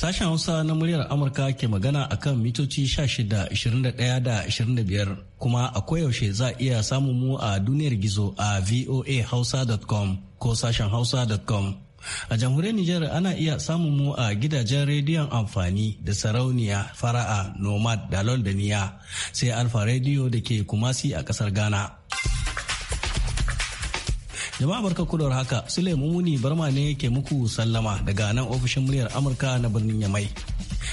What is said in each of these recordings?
Sashen Hausa na muryar Amurka ke magana a kan mitoci 16, da 25 kuma a koyaushe za a iya samun mu a duniyar gizo a voahausa.com ko sashen hausa.com. A jamhuriyar Nijar ana iya samun mu a gidajen rediyon amfani da sarauniya, fara'a, nomad da londaniya sai alfa rediyo da ke kumasi a kasar Ghana. Jama'a barka kudur haka Sule Mumuni Barma ne ke muku sallama daga nan ofishin muryar Amurka na birnin Yamai.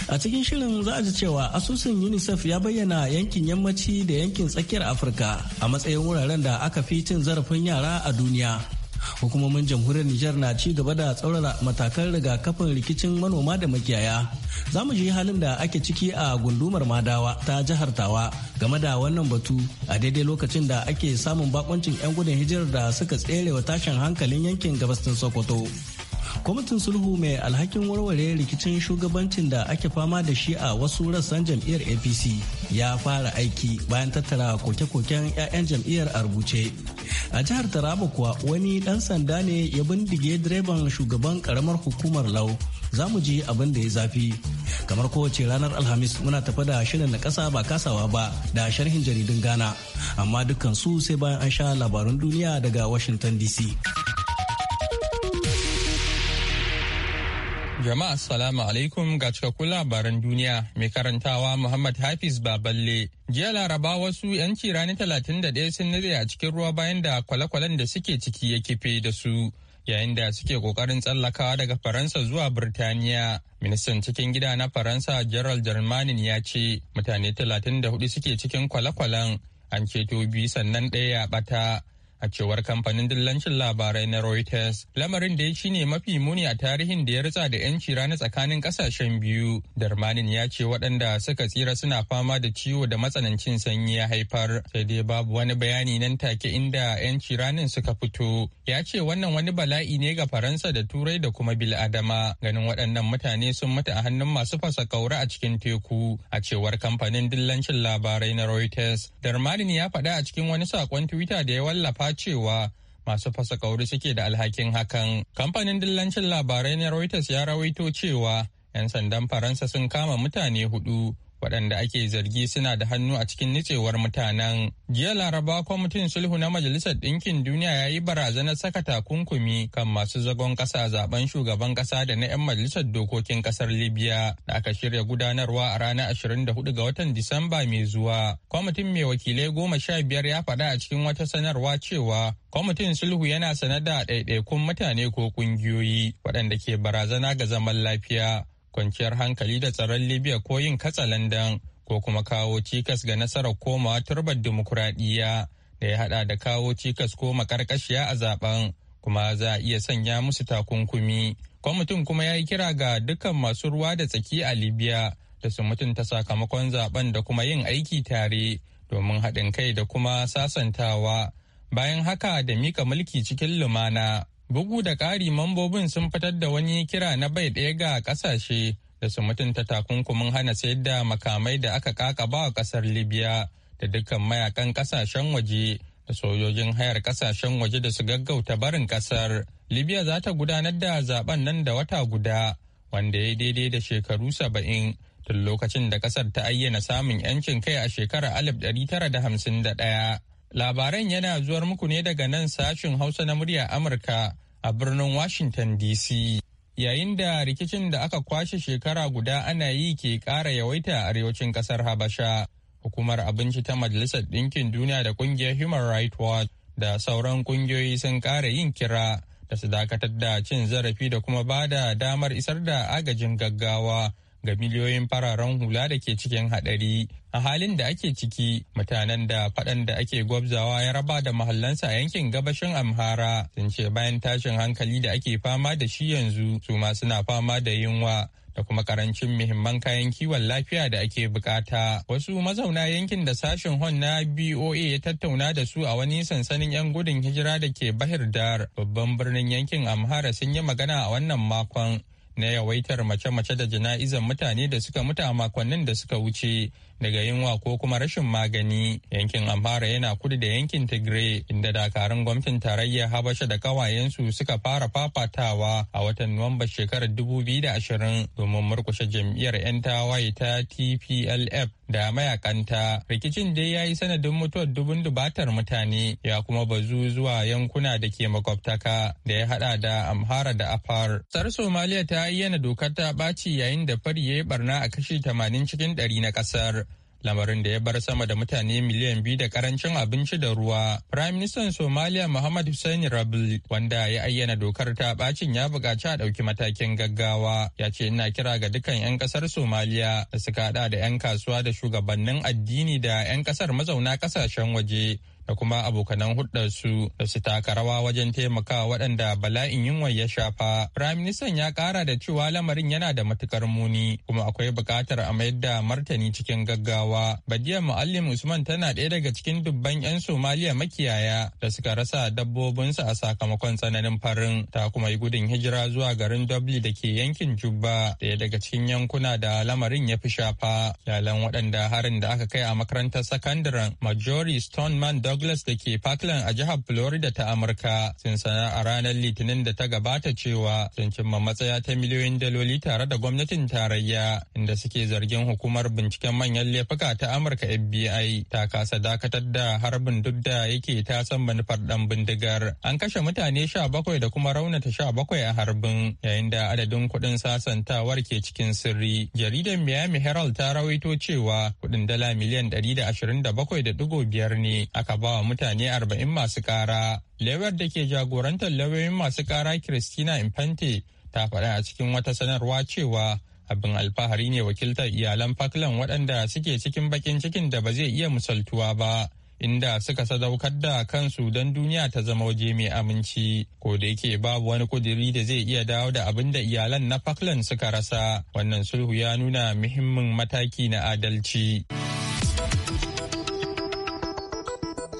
A cikin shirin za a ji cewa asusun UNICEF ya bayyana yankin yammaci da yankin tsakiyar Afirka a matsayin wuraren da aka fi cin zarafin yara a duniya. hukumomin jamhuriyar Nijar na ci gaba da tsaurara matakan rigakafin rikicin manoma da makiyaya. Za mu ji halin da ake ciki a gundumar Madawa ta jihar Tawa game da wannan batu a daidai lokacin da ake samun bakoncin 'yan gudun hijirar da suka tsere wa tashin hankalin yankin gabas Sokoto. kwamitin sulhu mai alhakin warware rikicin shugabancin da ake fama da shi a wasu rassan jam'iyyar apc ya fara aiki bayan tattara koke-koken 'ya'yan jam'iyyar a rubuce a jihar taraba kuwa wani dan sanda ne ya bindige direban shugaban karamar hukumar lau za mu ji abin da ya zafi kamar kowace ranar alhamis muna tafa da shirin na kasa ba kasawa ba da sharhin jaridun ghana amma dukkan su sai bayan an sha labarun duniya daga washington dc Jama'a salamu alaikum ga cikakkun labaran duniya mai karantawa Muhammad Hafiz Baballe. Jiya Laraba wasu 'yanci rani ɗaya sun nire a cikin ruwa bayan da kwale-kwalen da suke ciki ya kife da su yayin da suke kokarin tsallakawa daga Faransa zuwa Birtaniya. Ministan cikin gida na Faransa Gerald Germanin ya ce mutane talatin da hudu suke cikin kwale-kwalen an ceto biyu sannan ɗaya ya ɓata. A cewar kamfanin dillancin labarai na Reuters, lamarin da ya ci ne mafi muni a tarihin da ya ritsa da 'yanci rana tsakanin kasashen biyu. Darmanin ya ce waɗanda suka tsira suna fama da ciwo da matsanancin sanyi ya haifar, sai dai babu wani bayani nan take inda 'yanci ranin suka fito. Ya ce wannan wani bala'i ne ga Faransa da Turai da kuma Bil'adama. Ganin waɗannan mutane sun mutu a hannun masu fasa kaura a cikin teku, a cewar kamfanin dillancin labarai na Reuters. Darmanin ya faɗa a cikin wani saƙon Twitter da ya wallafa da'awa cewa masu fasa kauri suke da alhakin hakan. Kamfanin dillancin labarai na Reuters ya rawaito cewa 'yan sandan Faransa sun kama mutane hudu waɗanda ake zargi suna da hannu a cikin nicewar mutanen. Jiya Laraba kwamitin sulhu na Majalisar Ɗinkin Duniya ya yi barazanar saka takunkumi kan masu zagon ƙasa zaben shugaban ƙasa da na 'yan Majalisar Dokokin ƙasar Libya da aka shirya gudanarwa a ranar 24 ga watan Disamba mai zuwa. Kwamitin mai wakilai goma sha biyar ya faɗa a cikin wata sanarwa cewa kwamitin sulhu yana sanar da ɗaiɗaikun mutane ko ƙungiyoyi waɗanda ke barazana ga zaman lafiya. kwanciyar hankali da tsaron libya ko yin katsalandan ko kuma kawo cikas ga nasarar komawa turbar dimokuraɗiyya da ya haɗa da kawo cikas ko makarkashiya a zaben kuma za a iya sanya musu takunkumi kwamitin kuma ya yi kira ga dukkan masu ruwa da tsaki a libya da su mutunta sakamakon zaben da kuma yin aiki tare domin haɗin kai da kuma sasantawa bayan haka da mika mulki cikin lumana. Bugu da ƙari mambobin sun fitar da wani kira na bai ɗaya ga ƙasashe da su mutunta takunkumin hana sayar da makamai da aka ba a ƙasar Libya da dukkan mayakan ƙasashen waje da sojojin hayar ƙasashen waje da su gaggauta barin ƙasar. Libya za ta gudanar da zaben nan da wata guda wanda ya daidai da shekaru saba'in tun lokacin da ƙasar ta ayyana samun 'yancin kai a shekarar 1951. Labaran yana zuwar muku ne daga nan sashin Hausa na murya Amurka a birnin Washington DC. Yayin da rikicin da aka kwashe shekara guda ana yi ke ƙara yawaita a arewacin ƙasar Habasha, hukumar abinci ta Majalisar Ɗinkin Duniya da ƙungiyar Human Rights Watch da sauran ƙungiyoyi sun ƙara yin kira da su dakatar da cin zarafi da kuma ba da damar isar da agajin gaggawa ga miliyoyin fararen hula da ke cikin haɗari a halin da ake ciki mutanen da faɗan da ake gwabzawa ya raba da mahallansa a yankin gabashin amhara sun ce bayan tashin hankali da ake fama da shi yanzu su ma suna fama da yunwa da kuma karancin muhimman kayan kiwon lafiya da ake bukata. Wasu mazauna yankin da sashen Hon na BOA ya tattauna da su a wani sansanin 'yan gudun hijira da ke Bahir Dar, babban birnin yankin Amhara sun yi magana a wannan makon. na yawaitar mace-mace da jana'izan mutane da suka mutu a makonnin da suka wuce daga yunwa ko kuma rashin magani yankin amhara yana kudu da yankin tigray inda dakarun gwamnatin tarayya habasha da kawayensu suka fara fafatawa a watan nuwamba shekarar 2020 domin murkushe jam'iyyar 'yan tawaye ta tplf da mayakanta rikicin dai ya yi sanadin mutuwar dubun dubatar mutane ya kuma bazu zuwa yankuna da ke makwabtaka da ya hada da amhara da afar tsar somaliya ta ayyana dokar ta ɓaci yayin da fari ya yi barna a kashi 80 cikin 100 na ƙasar lamarin da ya bar sama da mutane miliyan biyu da karancin abinci da ruwa. Prime Minister Somalia Muhammad Hussein Rabil wanda ya ayyana dokar ta bacin ya buƙaci a ɗauki matakin gaggawa ya ce ina kira ga dukkan 'yan ƙasar Somalia da suka haɗa da 'yan kasuwa da shugabannin addini da 'yan ƙasar mazauna ƙasashen waje da kuma abokanan su da su taka rawa wajen taimakawa waɗanda bala'in yunwa ya shafa. Firaministan ya ƙara da cewa lamarin yana da matukar muni kuma akwai buƙatar a mayar da martani cikin gaggawa. Badiya Muallim Usman tana ɗaya daga cikin dubban 'yan Somaliya makiyaya da suka rasa dabbobinsu a sakamakon tsananin farin ta kuma yi gudun hijira zuwa garin Dubli da ke yankin Jubba ɗaya daga cikin yankuna da lamarin ya fi shafa. Yalan waɗanda harin da aka kai a makarantar sakandaren Majori Stoneman Dog Douglas da ke Parkland a jihar Florida ta Amurka sun sana a ranar Litinin da ta gabata cewa sun cimma matsaya ta miliyoyin daloli tare da gwamnatin tarayya inda suke zargin hukumar binciken manyan laifuka ta Amurka FBI ta kasa dakatar da harbin duk da yake ta san manufar dan bindigar. An kashe mutane sha bakwai da kuma raunata sha bakwai a harbin yayin da adadin kuɗin sasantawar ke cikin sirri. Jaridar Miami Herald ta rawaito cewa kuɗin dala miliyan ɗari da ashirin da bakwai da ɗigo biyar ne aka ba wa mutane arba'in masu kara lewar da ke jagorantar lauyoyin masu kara christina infante ta faɗa a cikin wata sanarwa cewa abin alfahari ne wakiltar iyalan Falkland waɗanda suke cikin bakin cikin da ba zai iya misaltuwa ba inda suka sadaukar da kansu don duniya ta zama waje mai aminci ko da yake babu wani kudiri da zai iya dawo da abin da iyalan na Falkland suka rasa wannan sulhu ya nuna muhimmin mataki na adalci.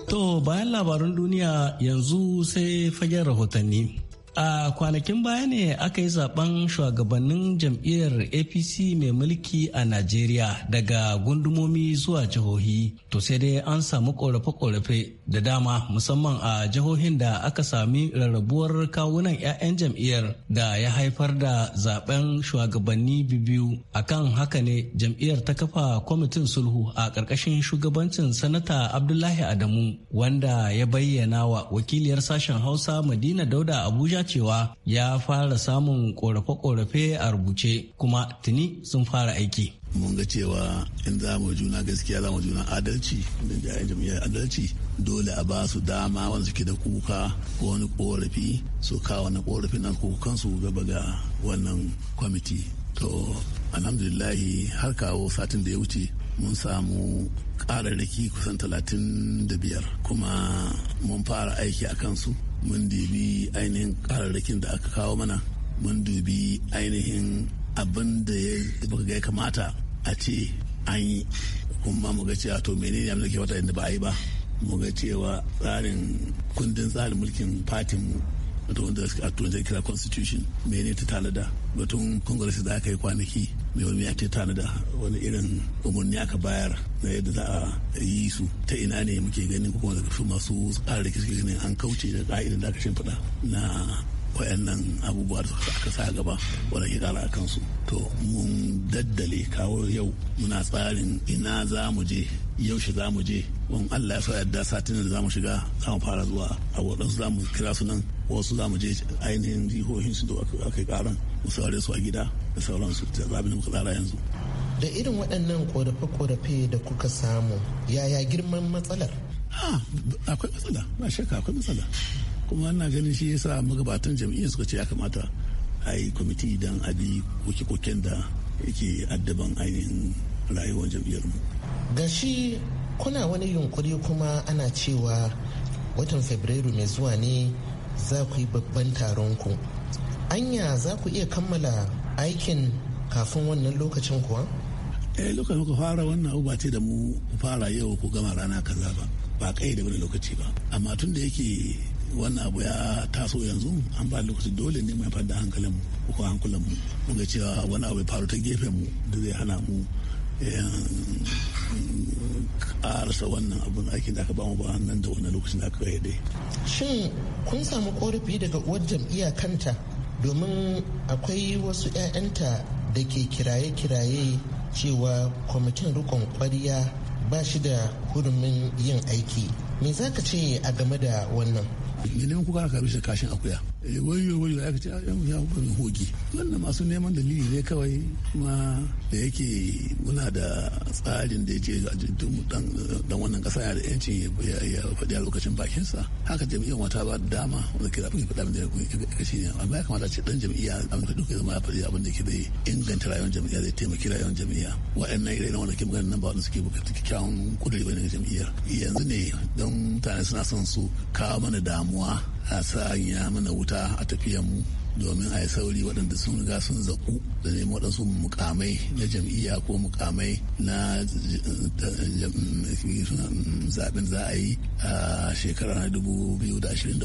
To bayan labarun duniya yanzu sai fagen rahotanni. a kwanakin baya ne aka yi zaben shugabannin jam'iyyar apc mai mulki a najeriya daga gundumomi zuwa jihohi to sai dai an samu korafe-korafe da dama musamman a jihohin da aka sami rarrabuwar kawunan 'ya'yan jam'iyyar da ya haifar da zaben shugabanni biyu A kan haka ne jam'iyyar ta kafa kwamitin sulhu a ƙarƙashin shugabancin sanata abdullahi adamu wanda ya bayyana wa wakiliyar sashen hausa madina dauda abuja cewa ya fara samun korafe-korafe a rubuce kuma tuni sun fara aiki. mun ga cewa in za mu juna gaskiya za mu juna adalci da jayen jam'iyyar adalci dole a ba su dama wanda suke da kuka ko wani korafi su kawo wani korafi na su gaba ga wannan kwamiti to alhamdulillahi har kawo satin da ya wuce mun samu ƙararraki kusan talatin da biyar kuma mun fara aiki a kansu mun dubi ainihin kararrakin da aka kawo mana mun dubi ainihin abin da ya kamata a ce an yi kuma mu ga cewa to menene ne ke wata inda ba a yi ba mu ga cewa tsarin kundin tsarin mulkin fatin mu wato wanda a turanci kira constitution mene ta tanada batun congress da aka yi kwanaki mai ya ce da wani irin umarni aka bayar na yadda za a yi su ta ina ne muke ganin kuma daga su masu tsararraki suke ganin an kauce da ka'idan da aka shimfiɗa na wayannan abubuwa da aka sa gaba wadda ke kara kansu to mun daddale kawo yau muna tsarin ina za mu je yaushe za mu je wani allah ya so yadda satin da za mu shiga za mu fara zuwa a waɗansu za mu kira su nan wasu za mu je ainihin jihohin su da aka karan mu saurare su a gida da sauransu da zaɓin da muka tsara yanzu da irin waɗannan ƙorafe ƙorafe da kuka samu yaya girman matsalar akwai matsala na shakka akwai matsala kuma ana ganin shi yasa magabatan jam'iyyar suka ce ya kamata a yi kwamiti don a bi koke-koken da yake addaban ainihin rayuwar jam'iyyar mu ga shi kuna wani yunkuri kuma ana cewa watan fabrairu mai zuwa ne za ku yi babban taron ku anya za ku iya kammala aikin kafin wannan lokacin kuwa eh lokacin ku fara wannan abu ba ce da mu fara yau ku gama rana kaza ba ba kai da wani lokaci ba amma tun da yake wannan abu ya taso yanzu an ba lokaci dole ne mai fadda hankalin mu ko hankulan mu muga cewa wani abu ya faru ta gefen mu da zai hana mu eh, a rasa wannan abin aikin da aka bamu ba nan da wani lokacin da aka dai. Shin kun samu korafi daga uwar jam'iyya kanta domin akwai wasu 'ya'yanta da ke kiraye-kiraye cewa kwamitin rikon kwariya ba shi da hurumin yin aiki. Me za ka ce a game da wannan? neman kuka aka rushe kashin akuya eh, wayo wayo ya kace ah, yan ya kuka hoge wannan masu neman dalili ne kawai kuma da yake muna da tsarin da yake duk dan wannan kasa ya da yancin ya faɗi a lokacin bakinsa haka jami'an wata ba dama wanda ke zaɓi faɗa da ya shi ne amma ya kamata ce dan jami'a an ka duka zama ya faɗi abin da ke da inganta rayuwar jam'iyya zai taimaki rayuwar jam'iyya wa'annan irin wanda ke magana nan ba wanda suke buƙatar kyakkyawan kudiri ba ne yanzu ne don mutane suna son su kawo mana damu damuwa a ya mana wuta a tafiyan mu domin a yi sauri waɗanda sun riga sun zaku da neman waɗansu mukamai na jam'iyya ko mukamai na zaɓen za a yi a shekara na 2023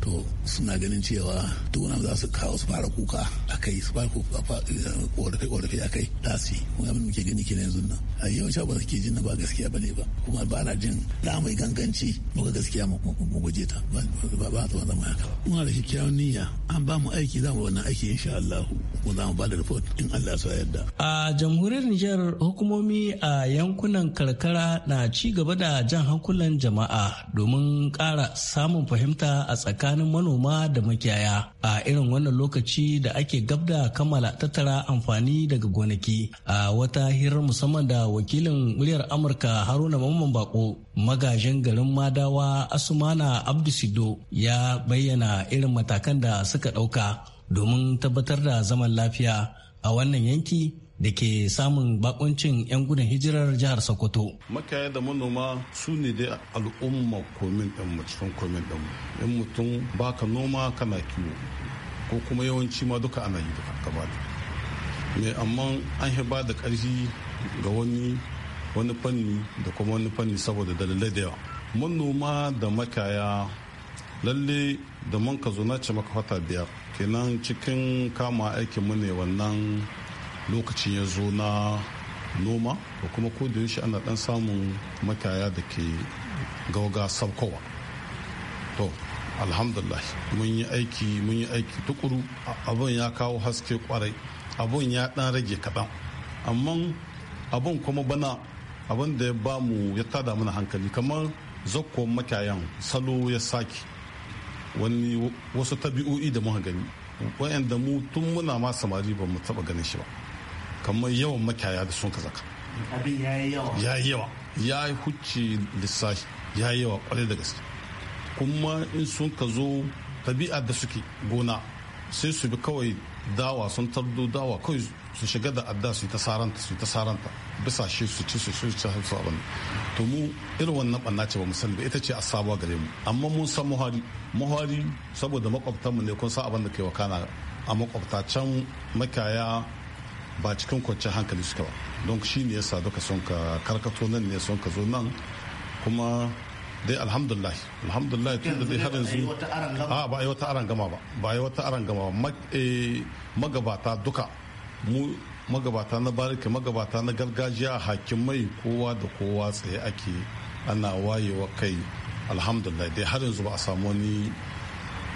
to suna ganin cewa tunan za su kawo su fara kuka a kai su fara kuka a a kai tasi kuma abin muke gani kenan yanzu nan a yi yawanci ba ke jin ba gaskiya ba ne ba kuma ba na jin da mai ganganci muka gaskiya mu guje ta ba ba ta zama haka muna da kyakkyawan niyya an ba mu aiki aiki za mu wannan aiki insha Allah mu za mu ba report in Allah sa yarda. A jamhuriyar Nijar hukumomi a yankunan karkara na ci gaba da jan hankulan jama'a domin ƙara samun fahimta a tsakanin manoma da makiyaya a irin wannan lokaci da ake gab da kammala tattara amfani daga gonaki a wata hirar musamman da wakilin muryar Amurka Haruna Mamman Bako magajin garin Madawa Asumana Abdu Sido ya bayyana irin matakan da suka ɗauka domin tabbatar da zaman lafiya a wannan yanki da ke samun bakuncin 'yan gudun hijirar jihar Sokoto. Makaya da manoma su ne dai al'umma komin ɗinmu cikin komin ɗinmu. In mutum baka noma kana kiwo ko kuma yawanci ma duka ana yi duka gaba da. Me amma an hiba da ƙarfi ga wani wani fanni da kuma wani fanni saboda dalilai da yawa. Manoma da makaya lalle da mun ka zo na ce maka wata biyar kenan cikin kama aikin mu ne wannan lokacin ya zo na noma da kuma ko da yaushe ana dan samun makaya da ke gauga sabkowa to alhamdulillah mun yi aiki mun yi aiki tukuru abun ya kawo haske kwarai abun ya dan rage kaɗan amma abun kuma bana abun da ya ba mu ya tada mana hankali kamar zakkon makayan salo ya sake wani wasu tabi'o'i da muka gani wayanda mu tun muna ma samari ba mu taba ganin shi ba kamar yawan makiyaya da sun ka zaka abin ya yi yawa ya yi yawa ya hucci lissafi ya yi yawa kwarai da gaske kuma in sun ka zo tabi'a da suke gona sai su bi kawai dawa sun tardo dawa kawai su shiga da adda su ta saranta su ta saranta bisa shi su ci su su ci su abin to mu irin wannan banna ce ba mu sani ba ita ce a sabuwa gare mu amma mun san muhari muhari saboda makwabtanmu ne kun san abin da kai wakana a makwabta can makiyaya ba cikin kwanciyar hankali suka ba don shi ne yasa duka sun ka karkato nan ne sun ka zo nan kuma dai alhamdulillah alhamdulillah tun da dai har yanzu a ba yi wata aran gama ba ba yi wata aran gama eh, magabata duka mu magabata na barika magabata na gargajiya hakimai kowa da kowa tsaye ake ana wayewa kai alhamdulillah dai har yanzu ba a samu wani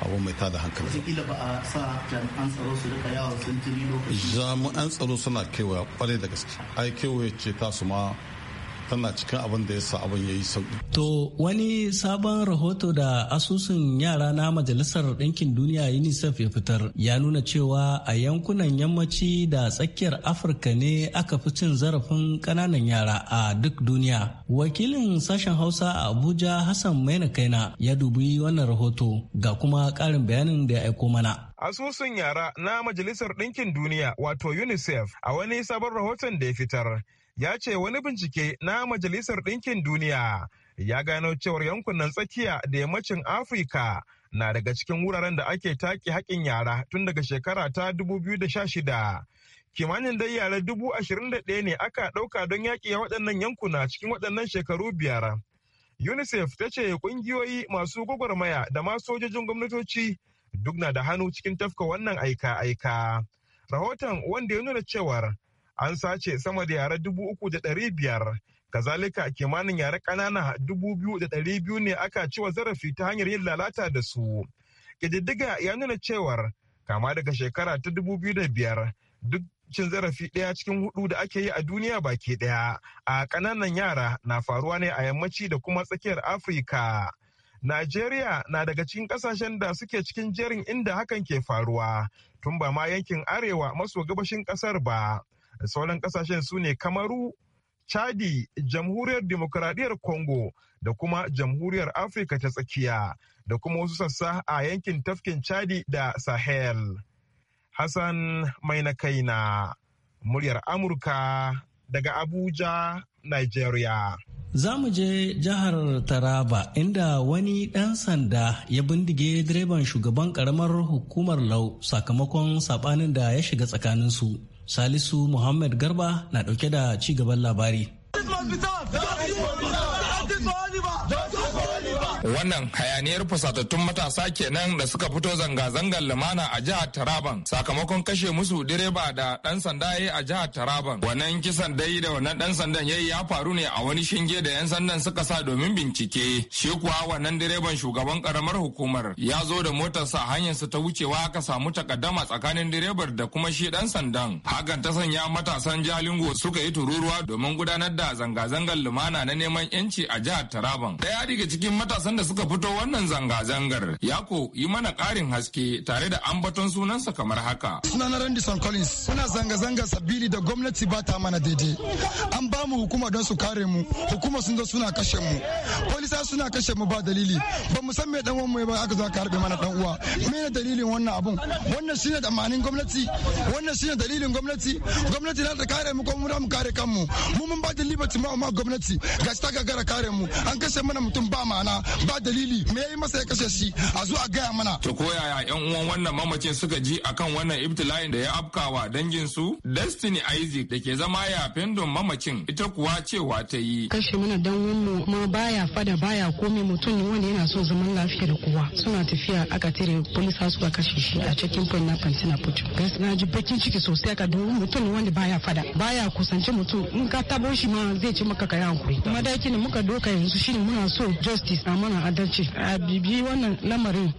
abu mai tada hankali wataƙila ba a sa jami'an tsaro su rika yawon sintiri lokaci jami'an tsaro suna kewaya kwarai da gaske ai kewaye ce su ma tana cikin abin da ya sa abin ya yi sauki. To wani sabon rahoto da asusun yara na Majalisar Ɗinkin Duniya UNICEF ya fitar ya nuna cewa a yankunan yammaci da tsakiyar Afirka ne aka fi cin zarafin ƙananan yara a duk duniya. Wakilin sashen Hausa a Abuja Hassan Maina Kaina ya dubi wannan rahoto ga kuma ƙarin bayanin da ya aiko mana. Asusun yara na Majalisar Ɗinkin Duniya wato UNICEF a wani sabon rahoton da ya fitar ya ce wani bincike na Majalisar Ɗinkin Duniya ya gano cewar yankunan tsakiya da yammacin Afirka na daga cikin wuraren da ake take haƙƙin yara tun daga shekara ta 2016. Kimanin dai yara dubu ashirin ne aka ɗauka don yaƙi waɗannan yankuna cikin waɗannan shekaru biyar. UNICEF ta ce ƙungiyoyi masu gwagwarmaya da ma sojojin gwamnatoci duk na da hannu cikin tafka wannan aika-aika. Rahoton wanda ya nuna cewar an sace sama da yara dubu uku da ɗari biyar kazalika kimanin yara ƙanana dubu biyu da ɗari biyu ne aka ci wa zarafi ta hanyar yin lalata da su ƙididdiga ya nuna cewar kama daga shekara ta dubu biyu da biyar duk cin zarafi ɗaya cikin hudu da ake yi a duniya baki ɗaya a ƙananan yara na faruwa ne a yammaci da kuma tsakiyar afirka Najeriya na daga cikin kasashen da suke cikin jerin inda hakan ke faruwa tun ba ma yankin arewa maso gabashin ƙasar ba. sauran kasashen su ne kamaru chadi jamhuriyar demokuraɗiyar congo da kuma jamhuriyar afirka ta tsakiya da kuma wasu sassa a yankin tafkin chadi da sahel hassan mai na na muryar amurka daga abuja nigeria za mu je jihar taraba inda wani ɗan sanda ya bindige direban shugaban ƙaramar hukumar lau sakamakon saɓanin da ya shiga tsakaninsu. su Salisu Muhammad Garba na ɗauke da ci gaban labari. wannan hayaniyar fusatattun matasa kenan da suka fito zanga-zangar lumana a jihar taraban sakamakon kashe musu direba da dan sanda yayi a jihar taraban wannan kisan dai da wannan dan sandan yayi ya faru ne a wani shinge da yan sandan suka sa domin bincike shi kuwa wannan direban shugaban karamar hukumar ya zo da motarsa hanyar su ta wucewa aka samu takaddama tsakanin direbar da kuma shi dan sandan hakan ta sanya matasan jalingo suka yi tururuwa domin gudanar da zanga-zangar lumana na neman yanci a jihar taraban ya daga cikin matasan waɗanda suka fito wannan zanga-zangar yako yi mana ƙarin haske tare da ambaton sunansa kamar haka. Sunana Rendison Collins suna zanga-zanga sabili da gwamnati ba ta mana daidai. An ba mu hukuma don su kare mu, hukuma sun zo suna kashe mu. Polisa suna kashe mu ba dalili. Ba mu san me dan wani ba aka zo aka harbe mana dan uwa. Mene dalilin wannan abun? Wannan shine tsammanin gwamnati, wannan shine dalilin gwamnati. Gwamnati na ta kare mu kuma mu kare kanmu. Mu mun ba da liberty ma gwamnati. Gashi ta gagara kare mu. An kashe mana mutum ba ma'ana ba dalili me yayi masa ya kashe shi a zo a gaya mana to ko yaya yan uwan wannan mamacin suka ji akan wannan ibtila'in da ya afkawa dangin su Destiny Isaac da ke zama ya fendon mamacin ita kuwa cewa ta yi kashe mana dan mu kuma baya fada baya komai mutum ne wanda yana so zaman lafiya da kowa suna tafiya aka tare polisa suka kashe shi a cikin point na kantina putu na ji bakin ciki sosai ka don mutum ne wanda baya fada baya kusance mutum in ka tabo shi ma zai ci maka ka yi kuma daki muka doka yanzu shine muna so justice na adalci a bibi wannan lamarin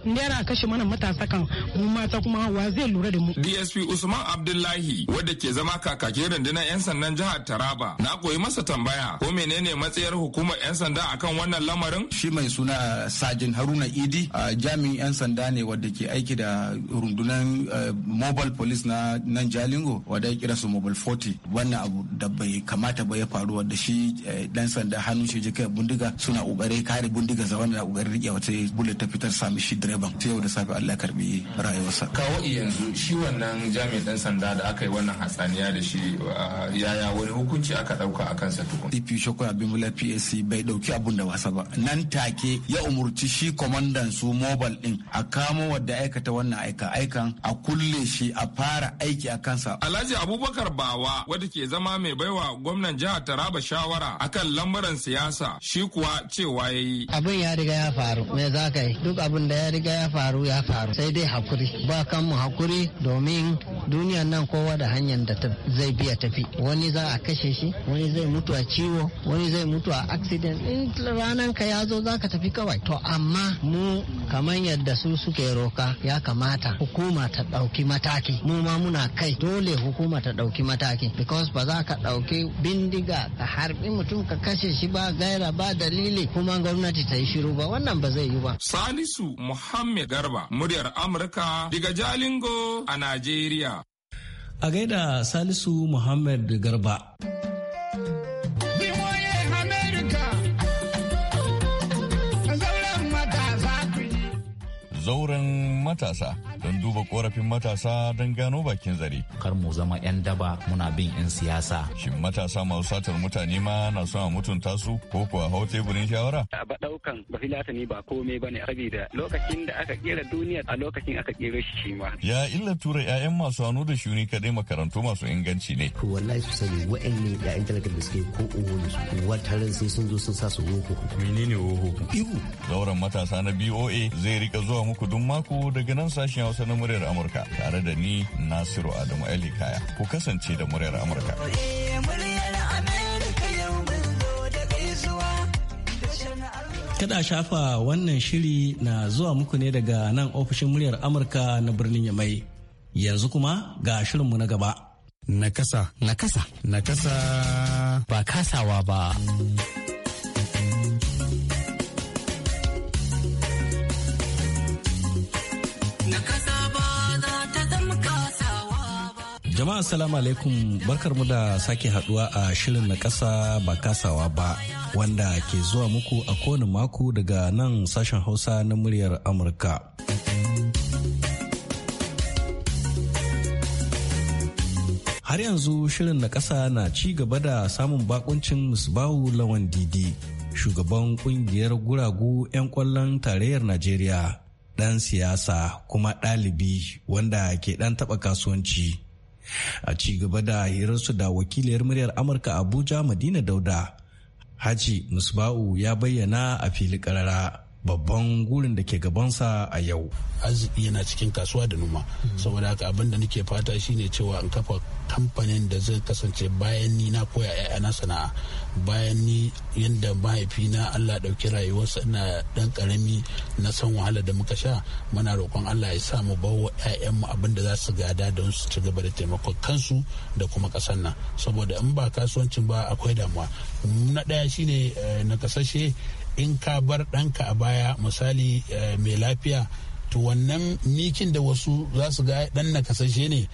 kashe mana matasa kan mu mata kuma wa zai lura da mu DSP Usman Abdullahi wadda ke zama kakakin rundunar 'yan sandan jihar Taraba na koyi masa tambaya ko menene matsayar hukumar 'yan sanda akan wannan lamarin shi mai suna Sajin Haruna Idi jami'in 'yan sanda ne wadda ke aiki da rundunar eh, mobile police na nan Jalingo wadda ya kira su mobile 40 wannan abu da bai kamata ba ya faru wadda shi eh, dan sanda hannun shi kai bundiga. suna kokare kare bundiga bindiga wanda na kokarin rike wata bullet ta fitar sami shi direban sai yau da safe Allah karbi rayuwarsa kawo yanzu shi wannan jami'in dan sanda da aka yi wannan hatsaniya da shi ah, yaya wani hukunci aka dauka a kansa tukun DP Shoko PSC bai dauki abun da wasa ba nan take ya umurci shi komandan su mobile din a kamo wadda aikata wannan aika aikan a kulle shi a fara aiki a kansa Alhaji Abubakar Bawa wadda ke zama mai baiwa gwamnan jihar Taraba shawara akan lambaran siyasa shi kuwa cewa yayi abin ya ya riga ya faru me za ka yi duk abin da ya riga ya faru ya faru sai dai hakuri ba kan mu hakuri domin duniyan nan kowa da hanyar da zai biya tafi wani za a kashe shi wani zai mutu a ciwo wani zai mutu a accident in ranan ka ya zo za ka tafi kawai to amma mu kamar yadda su suke roka ya kamata hukuma ta ɗauki mataki mu ma muna kai dole hukuma ta ɗauki mataki because ba za ka ɗauki bindiga ka harbi mutum ka kashe shi ba gaira ba dalili kuma gwamnati ta yi shiru ba wannan ba zai yi ba. Salisu muhammed Garba muryar Amurka diga Jalingo a Najeriya. A gaida Salisu muhammed Garba. zauren matasa don duba korafin matasa don gano bakin zare. Kar mu zama 'yan daba muna bin 'yan siyasa. Shin matasa masu satar mutane ma na son a mutunta su ko kuwa hau teburin shawara? A ba ɗaukan ba filata ne ba komai ba ne saboda lokacin da aka kera duniya a lokacin aka kera shi shi ma. Ya illa tura 'ya'yan masu hannu da shuni kaɗai makarantu masu inganci ne. To wallahi su sani wa'annan 'ya'yan talakar da suke ko uwan su wataran sai sun zo sun sa su woho. Menene woho? Ihu. Zauren matasa na BOA zai rika zuwa muku duk mako da daga nan sashen Hausa na muryar Amurka tare da ni Nasiru Adamu Ali Kaya. Ku kasance da muryar Amurka. Kada shafa wannan shiri na zuwa muku ne daga nan ofishin muryar Amurka na birnin Yamai. Yanzu kuma ga shirinmu na gaba. Nakasa. Nakasa. Nakasa. Ba kasawa ba. Jama'a salamu alaikum mu da sake haduwa a shirin na kasa ba kasawa ba wanda ke zuwa muku a kowane mako daga nan sashen hausa na muryar Amurka. Har yanzu shirin na kasa na ci gaba da samun bakuncin musbahu lawan didi shugaban kungiyar guragu 'yan kwallon tarayyar Najeriya. dan siyasa kuma dalibi wanda ke dan taba kasuwanci a ci gaba da hirarsu da wakiliyar muryar amurka abuja madina dauda haji musba'u ya bayyana a fili karara babban gurin da ke gabansa a yau. arziki yana cikin kasuwa da numa saboda haka abin da nake fata shine cewa an kafa kamfanin da zai kasance bayan ni na koya na sana'a bayan ni yadda mahaifina allah ɗauki rayuwarsa ina ɗan ƙarami na san wahala da muka sha muna roƙon allah ya sa mu bawa mu abin da za su gada don su ci gaba da taimakon kansu da kuma ƙasar nan saboda in ba kasuwancin ba akwai damuwa na ɗaya shine eh, na kasashe in ka bar ɗanka a baya misali eh, mai lafiya to wannan mikin da wasu za su ga ɗan nakasashe ne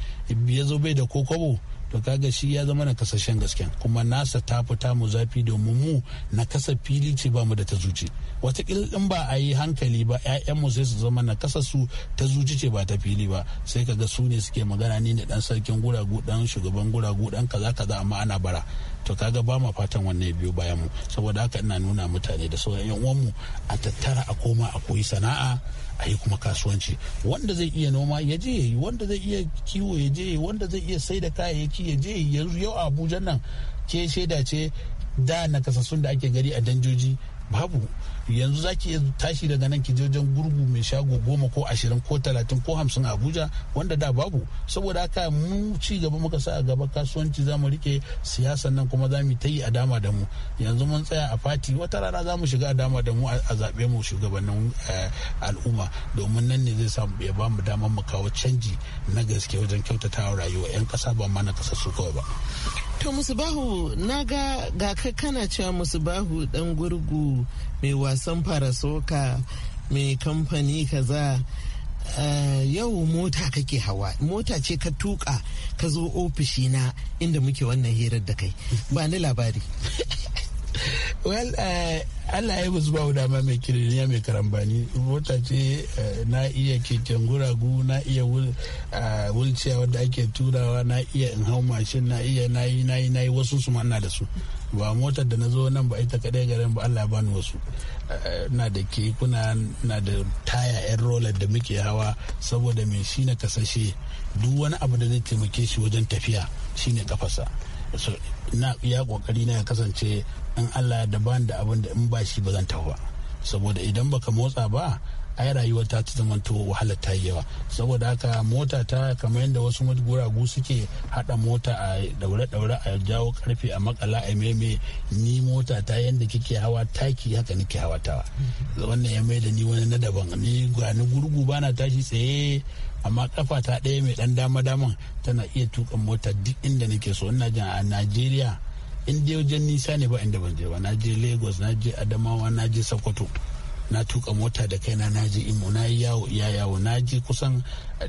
ya zo bai da kokobo to kaga shi ya zama nakasashen gasken kuma nasa ta fita mu zafi domin mu nakasa fili ce ba mu da ta zuci watakil in ba a yi hankali ba mu sai su zama nakasa su ta zuci ce ba ta fili ba sai kaga su ne suke magana ni ne dan sarkin guragu dan shugaban guragu dan kaza kaza amma ana bara to kaga ba ma fatan wannan biyu bayan mu saboda haka ina nuna mutane da sauran yan uwanmu a tattara a koma a koyi sana'a a yi kuma kasuwanci wanda zai iya noma ya je yi wanda zai iya kiwo ya je yi wanda zai iya sai da kayayyaki ya je yanzu yau abuja nan ke shaida ce da nakasassun da ake gari a danjoji babu yanzu za ki tashi daga nan ki gurgu mai shago goma ko ashirin ko talatin ko hamsin a abuja wanda da babu saboda haka mu ci gaba muka sa a gaba kasuwanci za mu rike siyasan nan kuma za mu ta yi a dama da mu yanzu mun tsaya a fati wata rana za mu shiga a dama da mu a zaɓe mu shugabannin eh, al'umma domin nan ne zai samu ya ba mu damar mu kawo canji na gaske wajen kyautatawa rayuwa 'yan ƙasa ba ma na su kawai ba. To Musubahu na ga ga kana cewa Musubahu dan gurgu mai wasan farasoka mai kamfani kaza uh, yau mota kake hawa mota ce ka tuka ka zo ofishi na inda muke wannan hirar da kai ba ni labari well eh, Allah ya musu bawu dama mai kiriniya mai karambani mota ce eh, na iya keken guragu na iya eh, wulciya wadda ake turawa na iya in hau mashin na iya na yi na yi na yi wasu su na da su ba motar da na zo nan ba ita kadai garin ba Allah ya bani wasu na da kekuna na da taya yan roller da muke hawa saboda mai shi na kasashe duk wani abu da zai taimake shi wajen tafiya shine kafasa na ya kokari na ya kasance in Allah da daban da abin da in ba shi ba zan tafi ba saboda idan baka motsa ba ai rayuwa ta zama to wahalar ta yawa saboda haka mota ta kamar yadda wasu guragu suke hada mota a daure daure a jawo karfe a makala a meme ni mota ta yadda kike hawa taki haka nake hawa ta wannan ya mai da ni wani na daban ni ni gurgu bana tashi tsaye amma kafa ta ɗaya mai ɗan dama daman tana iya tuka mota duk inda nake so ina jin a najeriya in dai wajen nisa ne ba inda ban je ba na je lagos na je adamawa na je sokoto na tuka mota da kaina na je imo na yawo ya yawo na je kusan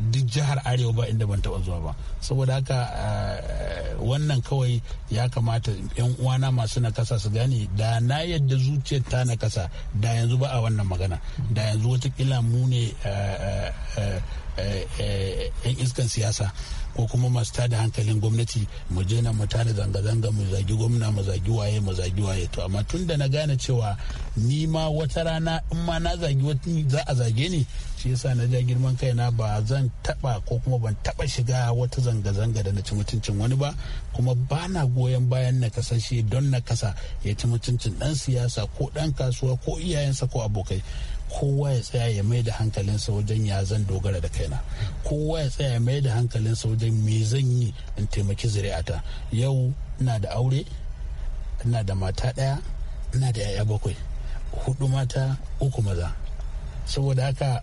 duk jihar arewa ba inda ban taba zuwa ba saboda haka eh, wannan kawai ya kamata yan uwana masu na nakasa su gane da na yadda zuciyar ta na nakasa da yanzu ba a wannan magana da yanzu watakila mu ne eh, eh, Eh, eh, 'yan iskan siyasa ko kuma masu tada hankalin gwamnati mu je na mu tada zanga-zanga mu zagi gwamna mu zagi waye mu zagi waye to amma tun da na gane cewa ni ma wata rana in ma na zagi wata za a zage ni shi yasa na ja girman na ba zan taba ko kuma ban taba shiga wata zanga-zanga da na ci mutuncin wani ba kuma ba na goyon bayan na kasashe don na kasa ya ci mutuncin dan siyasa ko dan kasuwa ko iyayensa ko abokai kowa ya tsaya ya mai da hankalin wajen ya zan dogara da kaina kowa ya tsaya ya mai da hankalin wajen me zan yi in taimaki zuri'ata yau ina da aure ina da mata ɗaya ina da 'ya'ya bakwai hudu mata uku maza saboda haka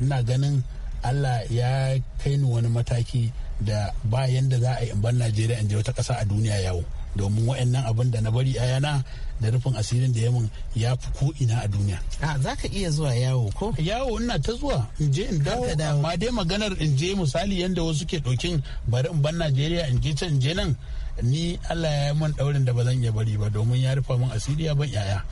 ina ganin allah ya kai ni wani mataki da bayan da za a yi in ban najeriya in je wata ƙasa a duniya yawo domin wa'annan abin da na bari a yana da rufin asirin da yamin ya fi ko ina a duniya. A za ka iya zuwa yawo ko? Yawo ina ta zuwa in je in dawo amma dai maganar in je misali yadda wasu ke ɗokin bari in ban Najeriya in je can je nan ni Allah ya yi mun ɗaurin da ba zan iya bari ba domin ya rufa min asiri ya ban yaya.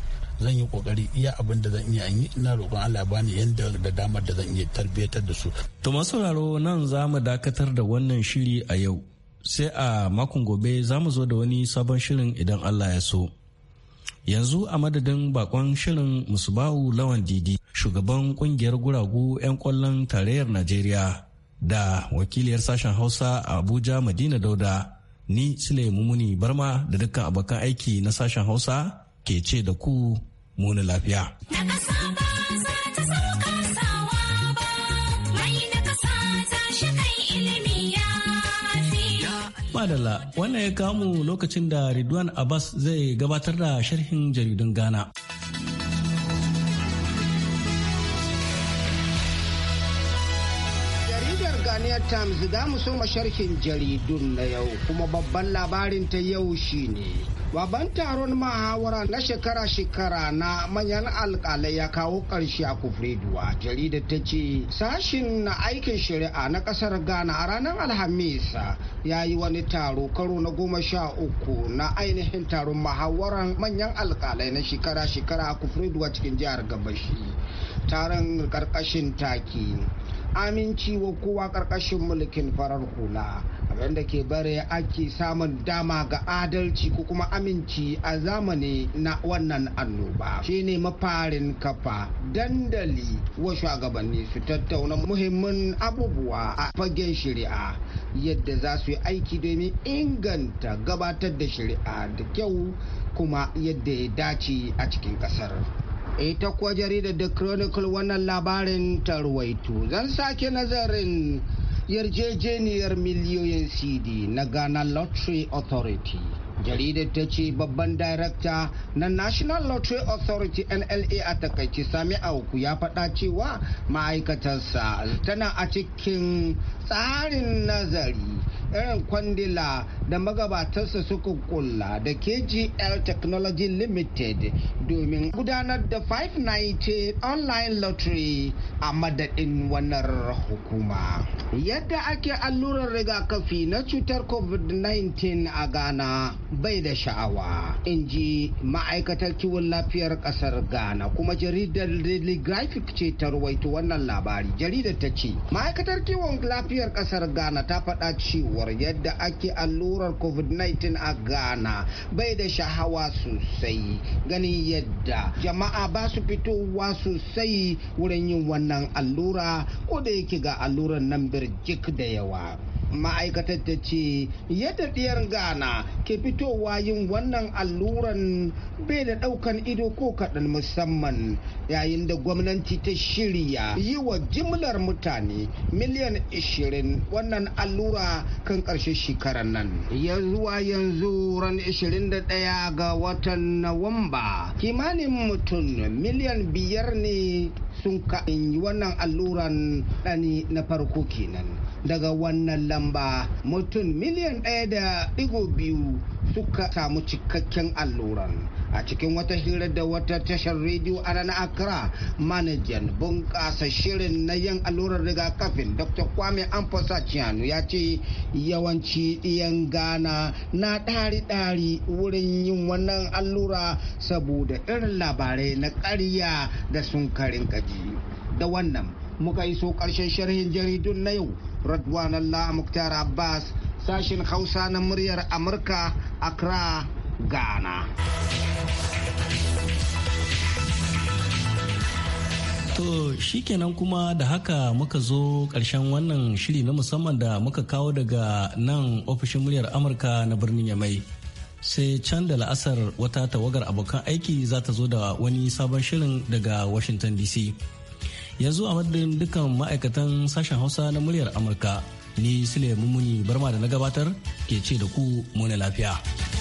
zan yi kokari iya abin da zan iya yi ina roƙon Allah bani yadda da damar da zan iya tarbiyyatar da su. To masu sauraro nan za mu dakatar da wannan shiri a yau sai a makon gobe za mu zo da wani sabon shirin idan Allah ya so. Yanzu a madadin bakon shirin Musubahu Lawan Didi, shugaban kungiyar guragu 'yan kwallon tarayyar Najeriya da wakiliyar sashen Hausa a Abuja Madina Dauda, ni Sule Mumuni Barma da dukkan abokan aiki na sashen Hausa ke ce da ku muni lafiya. madalla wannan ya kamu lokacin da Ridwan Abbas zai gabatar da sharhin jaridun Ghana. Birtaniya Times za mu soma sharhin jaridun na yau kuma babban labarin ta yau shine. baban taron mahawara na shekara-shekara na manyan alkalai ya kawo ƙarshe a Kufreduwa. Jaridar ta ce sashin na aikin shari'a na ƙasar Ghana a ranar Alhamis ya yi wani taro karo na goma sha uku na ainihin taron mahawaran manyan alkalai na shekara-shekara a Kufreduwa cikin jihar Gabashi. Taron ƙarƙashin taki. aminci wa kowa ƙarƙashin mulkin farar hula abin ke bare ake samun dama ga adalci ko kuma aminci a zamani na wannan annoba shine mafarin kafa dandali wa shugabanni su tattauna muhimmin abubuwa a fagen shari'a yadda za su yi aiki domin inganta gabatar da shari'a da kyau kuma yadda ya dace a cikin ƙasar. ita kuwa jaridar da chronicle wannan labarin ta ruwaito zan sake nazarin yarjejeniyar miliyoyin cd na ghana lottery authority jaridar ta ce babban darakta na national lottery authority nla a takaici sami auku ya faɗa cewa ma'aikatarsa tana a cikin tsarin nazari irin kwandila da magabatarsa suka kulla da KGL Technology Limited domin gudanar da 590 online lottery a madadin wannan hukuma. Yadda ake allurar rigakafi na cutar COVID-19 a Ghana bai da sha'awa, in ji ma'aikatar kiwon lafiyar ƙasar Ghana kuma jaridar Daily Graphic ce ta ruwaito wannan labari. Jaridar ta ce, ma'aikatar kiwon lafiyar ƙasar Ghana ta faɗa cewa war yadda ake allurar covid-19 a ghana bai da shahawa sosai ganin yadda jama'a ba su fitowa sosai wurin yin wannan allura ko da yake ga allurar nan birjik da yawa ma'aikatar ta ce yadda diyar ghana ke fitowa yin wannan alluran bai da ɗaukan ido ko kaɗan musamman yayin da gwamnati ta shirya yi wa jimlar mutane miliyan 20 wannan allura kan ƙarshen shekarar nan yanzuwa yanzu ran 21 ga watan nawamba kimanin mutum miliyan biyar ne sun ka yi wannan alluran ɗani na farko kenan daga wannan lamba mutum miliyan ɗaya da ɗigo biyu suka samu cikakken alluran a cikin wata hira da wata tashar rediyo a ranar accra manajan bunƙasa shirin na yin allurar rigakafin dr kwame amfasa ciyanu ya ce yawanci ɗiyan ghana na ɗari-ɗari wurin yin wannan allura saboda irin labarai na ƙarya da sun karin kaji da wannan muka iso ƙarshen sharhin jaridun na yau Allah Mukhtar Abbas sashin Hausa na muryar Amurka Accra, Ghana. To shi kenan kuma da haka muka zo ƙarshen wannan shiri na musamman da muka kawo daga nan ofishin muryar Amurka na birnin Yamai. sai can da la'asar wata tawagar abokan aiki za ta zo da wani sabon shirin daga washington dc yanzu a madadin dukkan ma'aikatan sashen hausa na muryar amurka ni sule mummuni barma da na gabatar ke ce da ku muna lafiya.